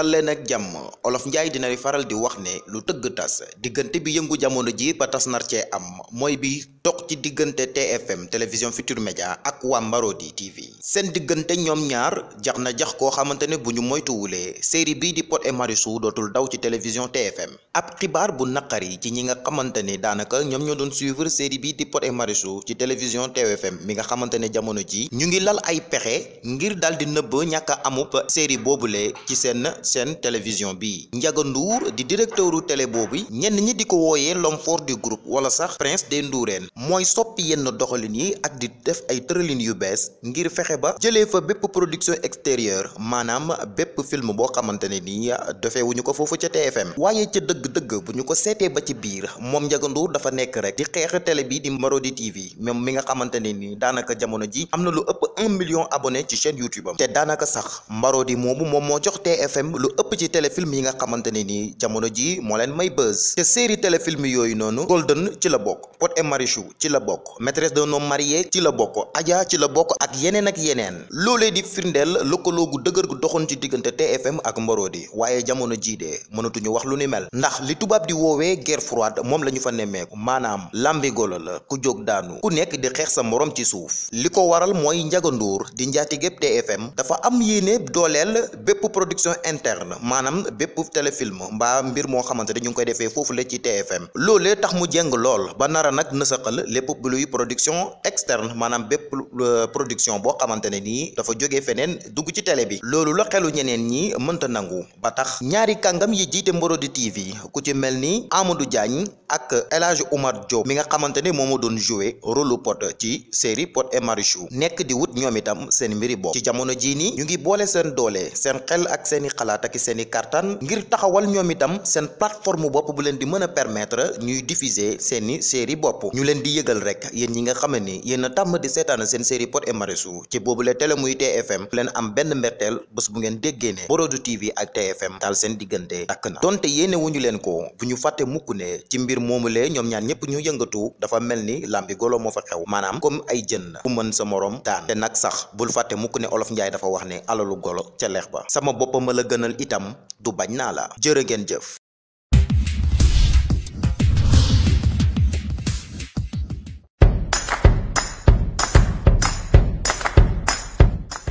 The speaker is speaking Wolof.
dalleen ak jàmm olof njaay dina faral di wax ne lu tëgg tas diggante bi yëngu jamono ji ba tas nar cee am mooy bi toq ci diggante TFM télévision Futur Média ak waa Marodi TV seen diggante ñoom ñaar jax na jax koo xamante ne bu ñu moytuwulee série bii di Pod et Marichou dootul daw ci télévision TFM ab xibaar bu naqari ci ñi nga xamante ne daanaka ñoom ñoo doon suivre série bii di Pod et Marichou ci télévision TFM mi nga xamante ne jamono ji ñu ngi lal ay pexe ngir daal di nëbb ñàkk a amub boobule ci seen seen télévision bi Ndiaga Ndour di directeuru télé boobu ñenn ñi di ko wooyee l'homme fort du groupe wala sax prince des nduureen mooy soppi yenn doxalin yi ak di def ay tëralin yu bees ngir fexe ba jëlee fa bépp production extérieure maanaam bépp film boo xamante ne nii defeewuñu ko foofu ca TFM waaye ca dëgg-dëgg bu ñu ko seetee ba ci biir moom Ndiaga dafa nekk rek di xeex télé bi di Marodi TV même mi nga xamante ne nii daanaka jamono ji am na lu ëpp un million abonné ci chaîne YouTube te daanaka sax Marodi moomu moom moo jox TFM téléfilm lu ëpp ci téléfilm yi nga xamante ne nii jamono jii moo leen may buzz te série téléfilm yooyu noonu Golden ci la bokk Pod et Marichou ci la bokk maîtresse d'un homme marié ci la bokk Adja ci la bokk ak yeneen ak yeneen loolee di firndeel lëkkaloo gu dëgër gu doxoon ci diggante TFM ak Mborodi waaye jamono jii de mënatuñu wax lu ni mel ndax li tubaab di woowee guerre froide moom lañu fa nemmeeku maanaam lambi la ku jóg daanu ku nekk di xeex sa moroom ci suuf li ko waral mooy Ndiaga Ndour di njaatigéb TFM dafa interne maanaam bépp téléfilm mbaa mbir moo xamante ne ñu ngi koy defee foofu la ci TFM loolee tax mu jeng lool ba nara nag nësaxal lépp luy production externe maanaam bépp euh, production boo xamante ne nii dafa jógee feneen dugg ci télé bi loolu la xelu ñeneen ñi mënta nangu ba tax ñaari kàngam yi jiite Mborodi TV ku ci mel ni Amadou Diagne ak El Hadj Oumar mi nga xamante ne moomu doon joué rôle pot ci série pot et Marichou nekk di wut ñoom itam seen mbiri bopp ci xalaat ak seen i kartan ngir taxawal ñoom itam seen plateforme bopp bu leen di mën a permettre ñuy diffise seeni i série bopp ñu leen di yëgal rek yéen ñi nga xam ni yéen a tàmm di seetaan seen série Pod et Marichou ci boobule télé muy TFM leen am benn mberteel bés bu ngeen déggee ne Bordeaux yi ak TFM daal seen diggante takk na donte yéene wuñu leen ko bu ñu fàtte mukk ne ci mbir moomu moomulee ñoom ñaan ñëpp ñu yëngatu dafa mel ni lambi golo moo fa xew maanaam comme ay jën ku mën sa morom daan te nag sax bul fàtte mukk olof njaay dafa wax ne alalu golo gënal itam du bañ naa la jërë ngeen jëf